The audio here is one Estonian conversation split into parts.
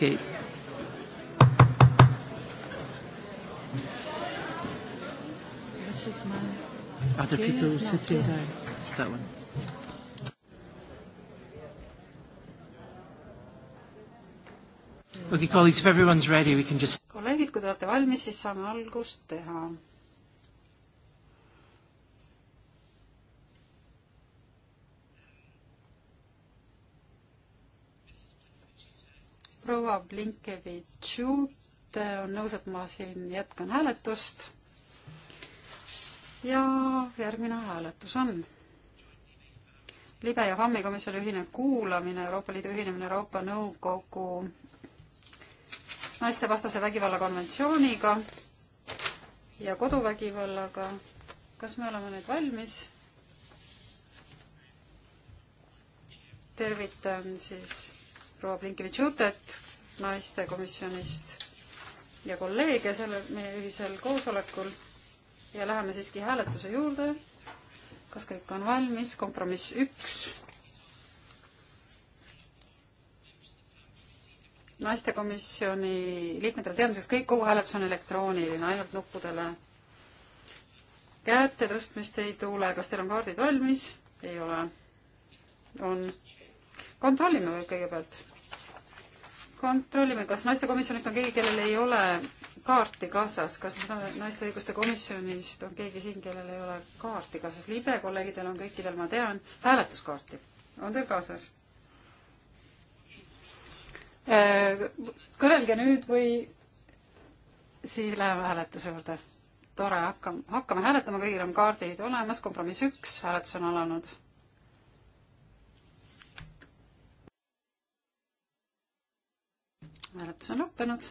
okei okay.. Other people who sit here, it's that one. Okay, colleagues, if everyone's ready, we can just... kolleegid, kui te olete valmis, siis saame algust teha Blinkevitš-Jute on nõus, et ma siin jätkan hääletust. ja järgmine hääletus on libe ja FAMi komisjoni ühine kuulamine, Euroopa Liidu ühinemine Euroopa Nõukogu naistevastase vägivalla konventsiooniga ja koduvägivallaga. kas me oleme nüüd valmis? tervitan siis proua Blinkevitš-Jutet, naistekomisjonist ja kolleege sellel meie ühisel koosolekul ja läheme siiski hääletuse juurde. kas kõik on valmis? kompromiss üks. naistekomisjoni liikmetele teadmiseks, kõik, kogu hääletus on elektrooniline, ainult nuppudele käete tõstmist ei tule. kas teil on kaardid valmis? ei ole. on. kontrollime kõigepealt kontrollime, kas naistekomisjonist on keegi, kellel ei ole kaarti kaasas, kas naiste õiguste komisjonist on keegi siin, kellel ei ole kaarti kaasas? libe kolleegidel on kõikidel, ma tean, hääletuskaarti. on teil kaasas? Äh, kõnelge nüüd või siis läheme hääletuse juurde. tore, hakkame, hakkame hääletama, kõigil on kaardid olemas, kompromiss üks, hääletus on alanud hääletus on lõppenud.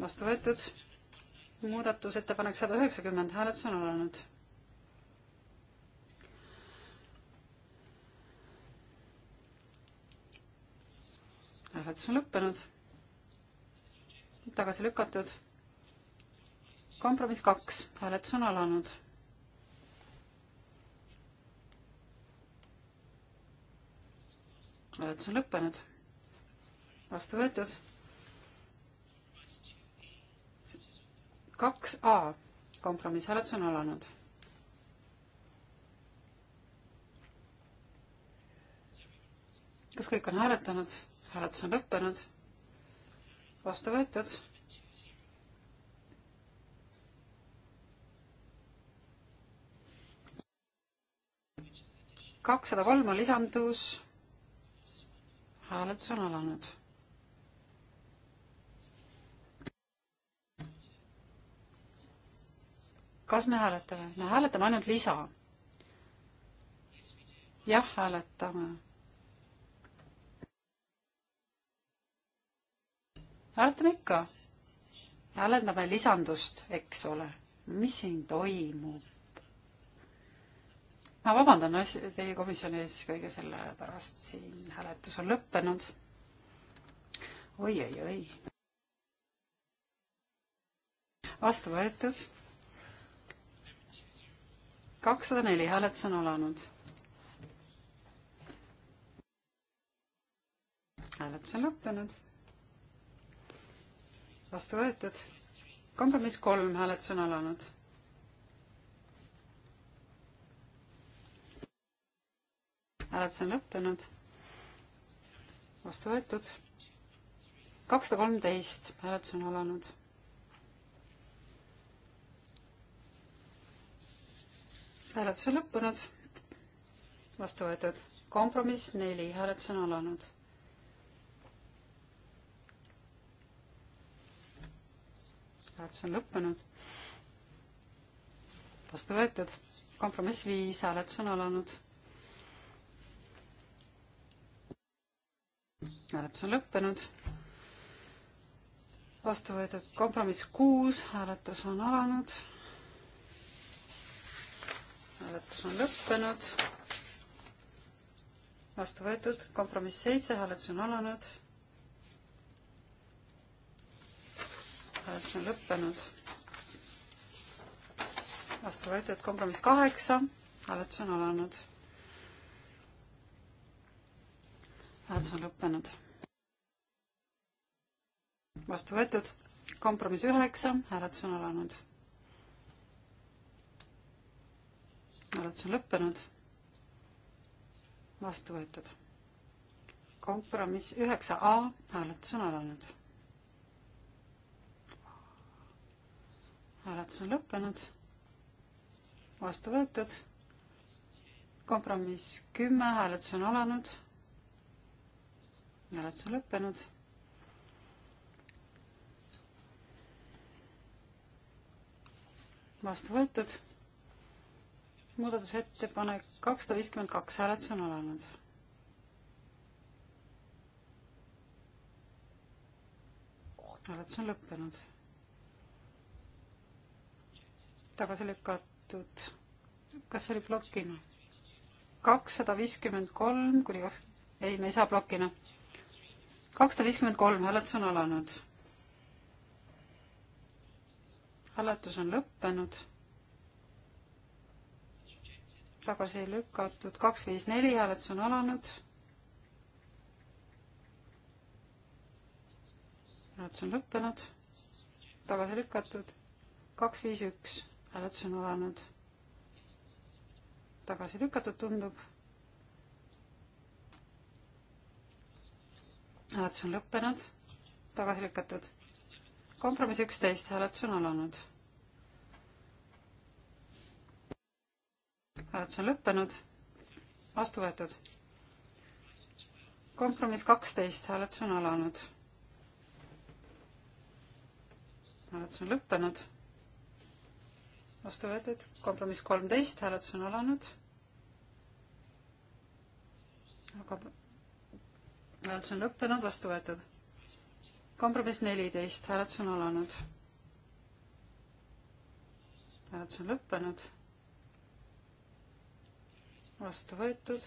vastu võetud. muudatusettepanek sada üheksakümmend, hääletus on alanud. hääletus on lõppenud. tagasi lükatud. kompromiss kaks, hääletus on alanud oled sa lõppenud vastu võetud. kaks A kompromisshääletus on alanud. kas kõik on hääletanud? hääletus on lõppenud. vastu võetud. kakssada kolm on lisandus. hääletus on alanud kas me hääletame? me hääletame ainult lisa. jah, hääletame. hääletame ikka. hääletame lisandust, eks ole. mis siin toimub? ma vabandan teie komisjoni ees kõige selle pärast, siin hääletus on lõppenud oi,. oi-oi-oi. vastu võetud kakssada neli, hääletus on alanud. hääletus on lõppenud. vastu võetud. kompromiss kolm, hääletus on alanud. hääletus on lõppenud. vastu võetud. kakssada kolmteist, hääletus on alanud hääletus on lõppenud, vastu võetud. kompromiss neli, hääletus on alanud. hääletus on lõppenud, vastu võetud. kompromiss viis, hääletus on alanud. hääletus on lõppenud vastu võetud kompromiss kuus, hääletus on alanud hääletus on lõppenud. vastu võetud, kompromiss seitse, hääletus on alanud. hääletus on lõppenud. vastu võetud, kompromiss kaheksa, hääletus on alanud. hääletus on lõppenud. vastu võetud, kompromiss üheksa, hääletus on alanud hääletus on lõppenud. vastu võetud. kompromiss üheksa A, hääletus on alanud. hääletus on lõppenud. vastu võetud. kompromiss kümme, hääletus on alanud. hääletus on lõppenud vastu võetud muudatusettepanek kakssada viiskümmend kaks, hääletus on alanud. hääletus on lõppenud. tagasi lükatud. kas see oli plokina? kakssada viiskümmend kolm kuni kaks, ei, me ei saa plokina. kakssada viiskümmend kolm, hääletus on alanud. hääletus on lõppenud tagasi lükatud, kaks, viis, neli hääletus on alanud. hääletus on lõppenud, tagasi lükatud, kaks, viis, üks hääletus on alanud. tagasi lükatud tundub. hääletus on lõppenud, tagasi lükatud. kompromiss üksteist, hääletus on alanud hääletus on lõppenud, vastu võetud. kompromiss kaksteist, hääletus on alanud. hääletus on lõppenud, vastu võetud. kompromiss kolmteist, hääletus on alanud. aga hääletus on lõppenud, vastu võetud. kompromiss neliteist, hääletus on alanud. hääletus on lõppenud vastu võetud.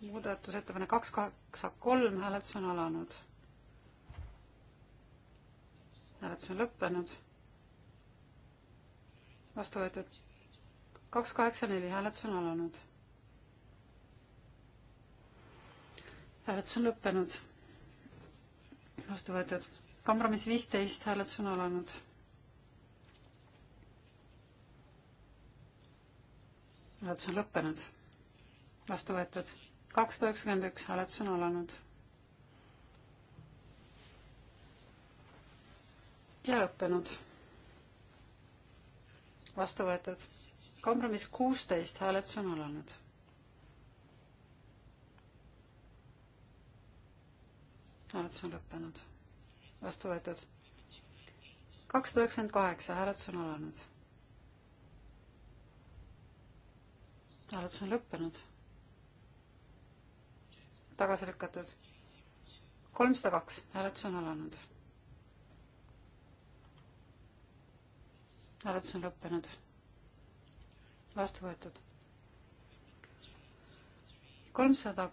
muudatusettepanek kaks, kaheksa, kolm, hääletus on alanud. hääletus on lõppenud. vastu võetud. kaks, kaheksa, neli, hääletus on alanud. hääletus on lõppenud. vastu võetud. kompromiss viisteist, hääletus on alanud Nad on lõppenud vastu võetud. kakssada üheksakümmend üks, hääletus on alanud. ja lõppenud. vastu võetud. kompromiss kuusteist, hääletus on alanud. hääletus on lõppenud. vastu võetud. kakssada üheksakümmend kaheksa, hääletus on alanud hääletus on lõppenud tagasi lükatud. kolmsada kaks, hääletus on alanud. hääletus on lõppenud. vastu võetud. kolmsada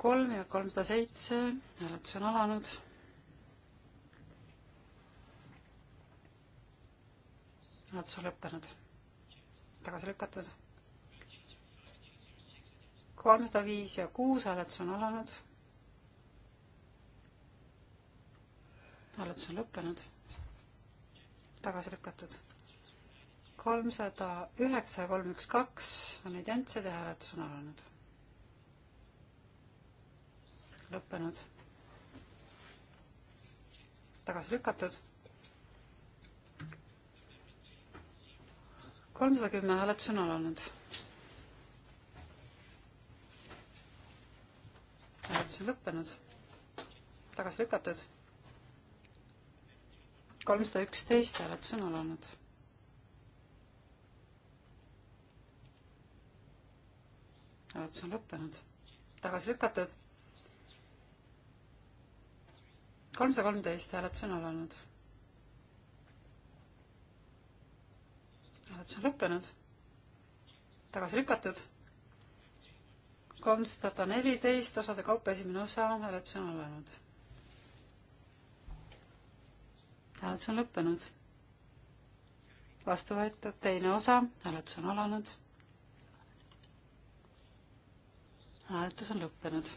kolm ja kolmsada seitse, hääletus on alanud. hääletus on lõppenud. tagasi lükatud kolmsada viis ja kuus hääletus on alanud. hääletus on lõppenud. tagasi lükatud. kolmsada üheksa ja kolm, üks, kaks on identsed ja hääletus on alanud. lõppenud. tagasi lükatud kolmsada kümme hääletus on alanud hääletus on lõppenud, tagasi lükatud. kolmsada üksteist hääletus on alanud. hääletus on lõppenud, tagasi lükatud. kolmsada kolmteist hääletus on alanud hääletus on lõppenud, tagasi lükatud kolmsada neliteist osade kaupa esimene osa, hääletus on alanud. hääletus on lõppenud. vastu võetud teine osa, hääletus on alanud. hääletus on lõppenud.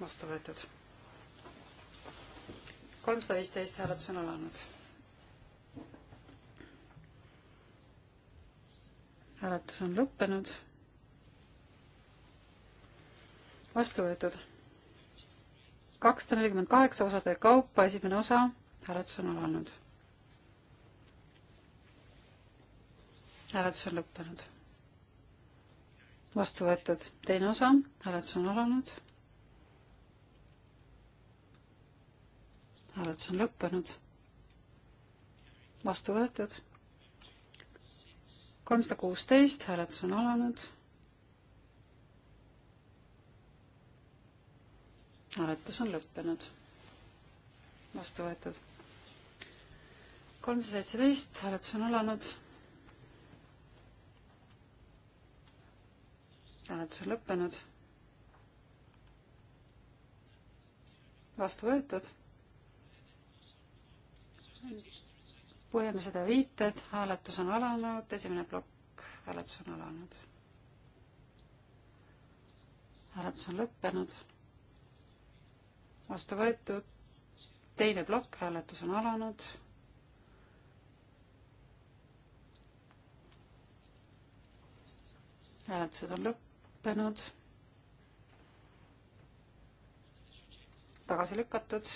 vastu võetud. kolmsada viisteist hääletus on alanud hääletus on lõppenud vastu võetud. kakssada nelikümmend kaheksa osade kaupa, esimene osa, hääletus on alanud. hääletus on lõppenud. vastu võetud teine osa, hääletus on alanud. hääletus on lõppenud. vastu võetud. kolmsada kuusteist, hääletus on alanud hääletus on lõppenud. vastu võetud. kolmsada seitseteist, hääletus on alanud. hääletus on lõppenud. vastu võetud. põhjendused ja viited, hääletus on alanud, esimene plokk, hääletus on alanud. hääletus on lõppenud vastu võetud, teine plokk, hääletus on alanud. hääletused on lõppenud. tagasi lükatud.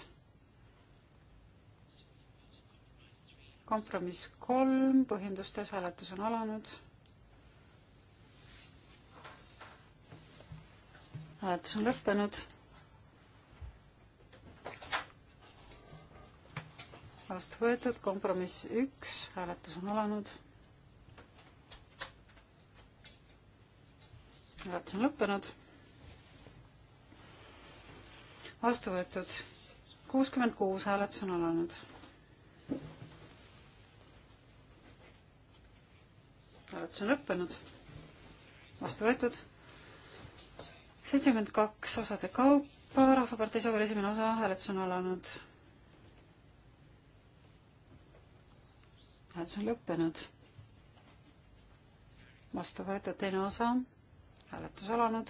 kompromiss kolm, põhjendustes hääletus on alanud hääletus on lõppenud. vastu võetud, kompromiss üks, hääletus on alanud. hääletus on lõppenud. vastu võetud, kuuskümmend kuus, hääletus on alanud. hääletus on lõppenud, vastu võetud, seitsekümmend kaks osade kaupa, Rahvapartei soovil esimene osa, hääletus on alanud hääletus on lõppenud. vastu võetud teine osa, hääletus alanud.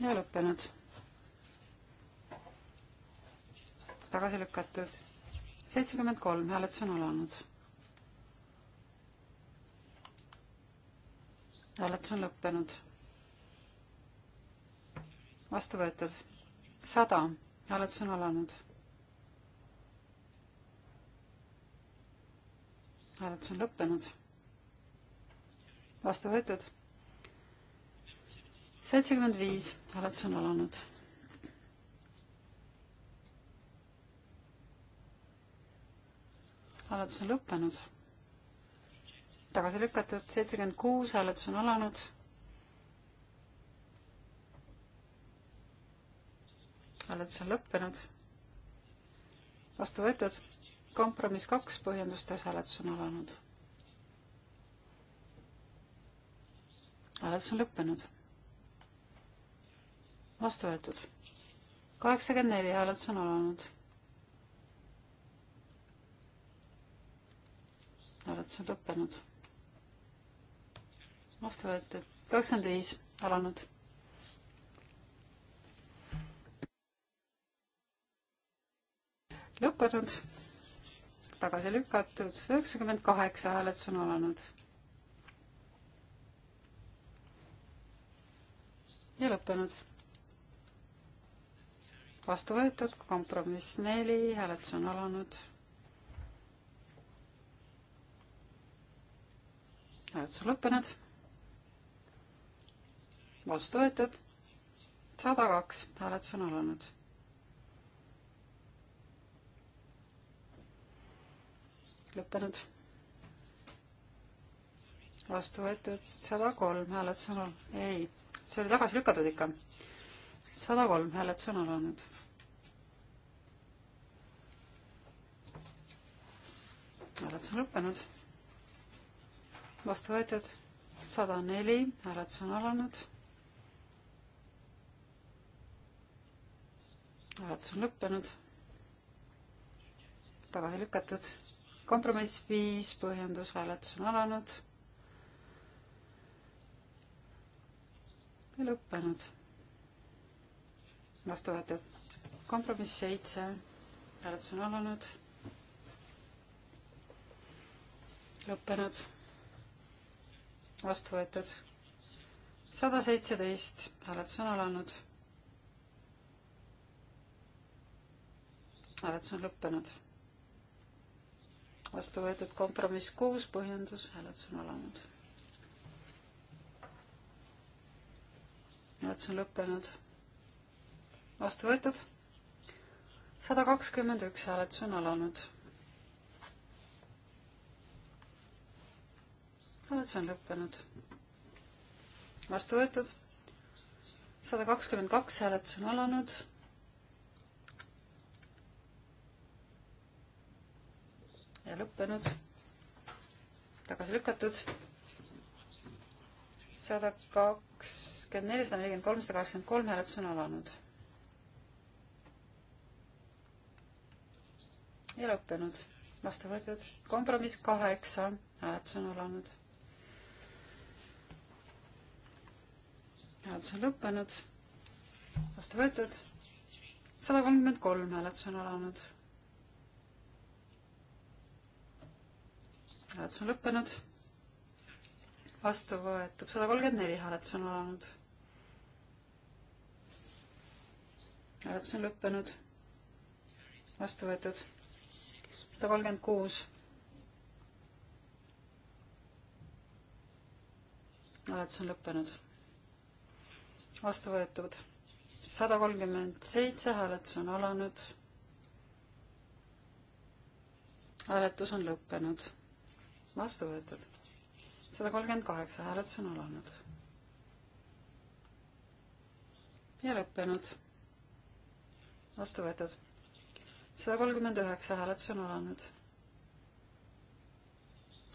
ja lõppenud. tagasi lükatud. seitsekümmend kolm, hääletus on alanud. hääletus on lõppenud. vastu võetud. sada, hääletus on alanud hääletus on lõppenud. vastu võetud. seitsekümmend viis, hääletus on alanud. hääletus on lõppenud. tagasi lükatud, seitsekümmend kuus, hääletus on alanud. hääletus on lõppenud. vastu võetud kompromiss kaks põhjendustes hääletus on alanud. hääletus on lõppenud. vastu võetud. kaheksakümmend neli hääletus on alanud. hääletus on lõppenud. vastu võetud. kakskümmend viis alanud lõppenud tagasi lükatud, üheksakümmend kaheksa hääletus on alanud. ja lõppenud. vastu võetud, kompromiss neli, hääletus on alanud. hääletus on lõppenud. vastu võetud, sada kaks, hääletus on alanud lõppenud. vastu võetud sada kolm hääled sõnul, ei, see oli tagasi lükatud ikka. sada kolm hääled sõnul on nüüd. hääletus on lõppenud. vastu võetud sada neli, hääletus on alanud hääletus on lõppenud, tagasi lükatud kompromiss viis, põhjendushääletus on alanud. ja lõppenud. vastu võetud. kompromiss seitse, hääletus on alanud. lõppenud. vastu võetud. sada seitseteist, hääletus on alanud. hääletus on lõppenud vastu võetud kompromiss kuus, põhjendus, hääletus on alanud. hääletus on lõppenud. vastu võetud. sada kakskümmend üks hääletus on alanud. hääletus on lõppenud. vastu võetud. sada kakskümmend kaks hääletus on alanud ja lõppenud, tagasi lükatud, sada kakskümmend neli, sada nelikümmend kolm, sada kaheksakümmend kolm hääletus on alanud. ja lõppenud, vastu võetud, kompromiss kaheksa, hääletus on alanud. hääletus on lõppenud, vastu võetud, sada kolmkümmend kolm hääletus on alanud hääletus on lõppenud. vastu võetud sada kolmkümmend neli, hääletus on alanud. hääletus on lõppenud. vastu võetud sada kolmkümmend kuus. hääletus on lõppenud. vastu võetud sada kolmkümmend seitse, hääletus on alanud. hääletus on lõppenud vastu võetud. sada kolmkümmend kaheksa, hääletus on alanud. ja lõppenud. vastu võetud. sada kolmkümmend üheksa, hääletus on alanud.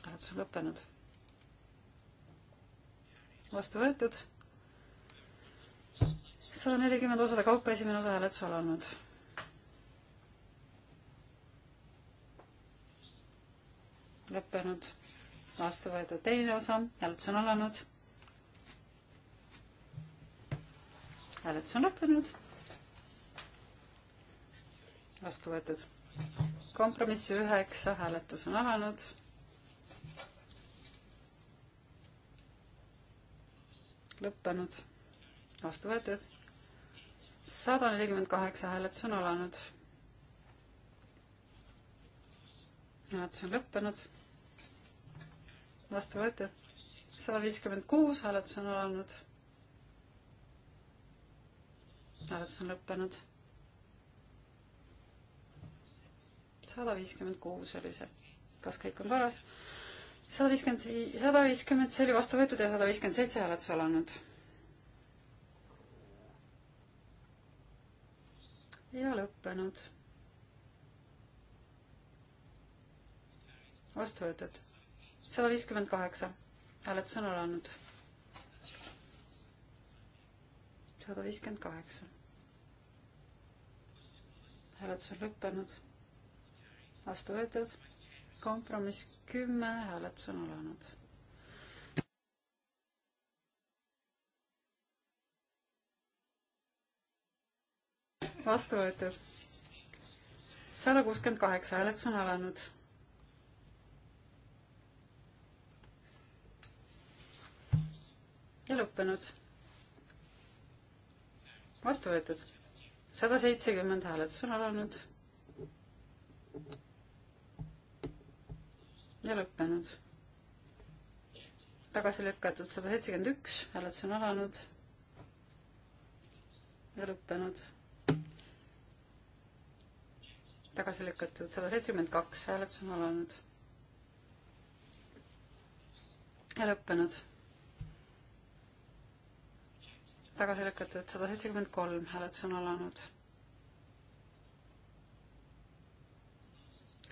hääletus on lõppenud. vastu võetud. sada nelikümmend osade kaupa esimene osa hääletus alanud lõppenud, vastu võetud teine osa, hääletus on alanud. hääletus on lõppenud. vastu võetud. kompromiss üheksa, hääletus on alanud. lõppenud, vastu võetud. sada nelikümmend kaheksa, hääletus on alanud hääletus on lõppenud vastu võetud. sada viiskümmend kuus hääletus on alanud. hääletus on lõppenud. sada viiskümmend kuus oli see. kas kõik on korras? sada viiskümmend, sada viiskümmend, see oli vastu võetud ja sada viiskümmend seitse hääletus alanud. ja lõppenud vastu võetud sada viiskümmend kaheksa. hääletus on alanud. sada viiskümmend kaheksa. hääletus on lõppenud. vastu võetud. kompromiss kümme, hääletus on alanud. vastu võetud. sada kuuskümmend kaheksa, hääletus on alanud ja lõppenud. vastu võetud. sada seitsekümmend hääletus on alanud. ja lõppenud. tagasi lükatud sada seitsekümmend üks, hääletus on alanud. ja lõppenud tagasi lükatud, sada seitsekümmend kaks hääletus on alanud. ja lõppenud tagasi lükatud, sada seitsekümmend kolm hääletus on alanud.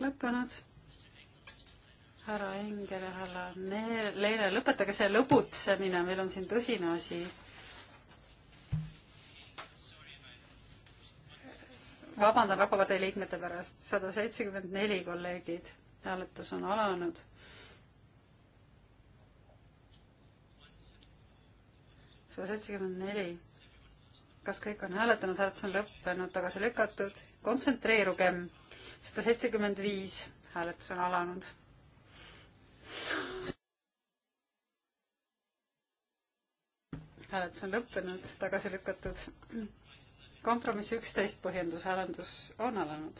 lõppenud. härra Engel ja härra Leele, lõpetage see lõbutsemine, meil on siin tõsine asi. vabandan Rahvapartei liikmete pärast, sada seitsekümmend neli kolleegid, hääletus on alanud sada seitsekümmend neli. kas kõik on hääletanud, hääletus on lõppenud, tagasi lükatud, kontsentreerugem. sada seitsekümmend viis, hääletus on alanud. hääletus on lõppenud, tagasi lükatud. kompromiss üksteist põhjendushääletus on alanud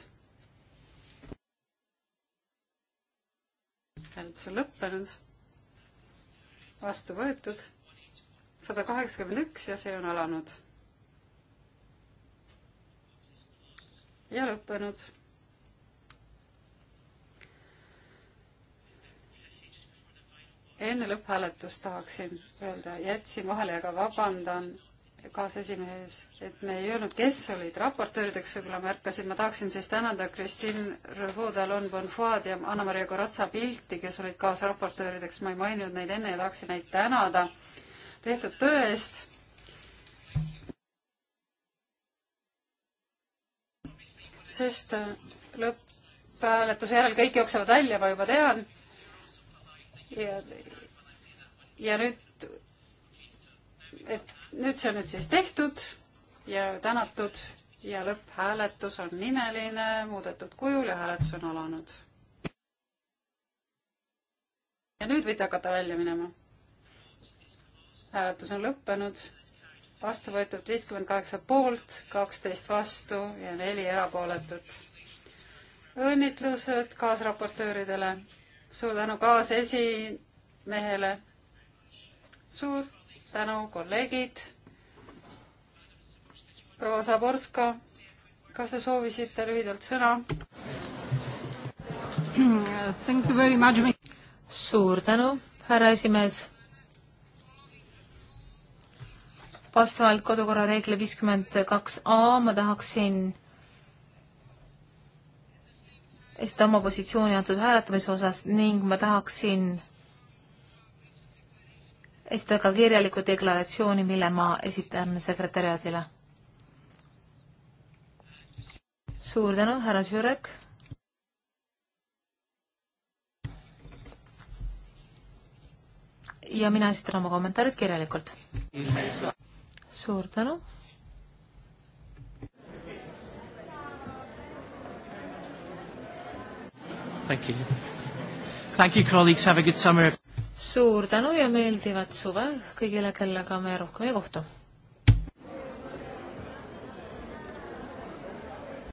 hääletus on lõppenud, vastu võetud sada kaheksakümmend üks ja see on alanud. ja lõppenud. enne lõpphääletust tahaksin öelda, jätsin vahele ja ka vabandan kaasesimehe ees, et me ei öelnud, kes olid raportöörideks, võib-olla märkasid, ma tahaksin siis tänada Christine Revaux, Talon Bonfoid ja Anna-Maria Corazza Pilti, kes olid kaasraportöörideks, ma ei maininud neid enne ja tahaksin neid tänada tehtud töö eest. sest äh, lõpphääletuse järel kõik jooksevad välja, ma juba tean. ja, ja nüüd, et nüüd see on nüüd siis tehtud ja tänatud ja lõpphääletus on nimeline muudetud kujul ja hääletus on alanud. ja nüüd võite hakata välja minema hääletus on lõppenud, vastu võetud viiskümmend kaheksa poolt, kaksteist vastu ja neli erapooletut. õnnitlused kaasraportööridele, suur tänu kaasesimehele, suur tänu, kolleegid. proua Zaborska, kas te soovisite lühidalt sõna? suur tänu, härra esimees vastavalt kodukorra reegli viiskümmend kaks A ma tahaksin esitada oma positsiooni antud hääletamise osas ning ma tahaksin esitada ka kirjaliku deklaratsiooni, mille ma esitan sekretäriaadile. suur tänu, härra Žürek. ja mina esitan oma kommentaarid kirjalikult suur tänu. Thank you. Thank you, colleagues, have a good summer. suur tänu ja meeldivat suve kõigile, kellega me rohkem ei kohtu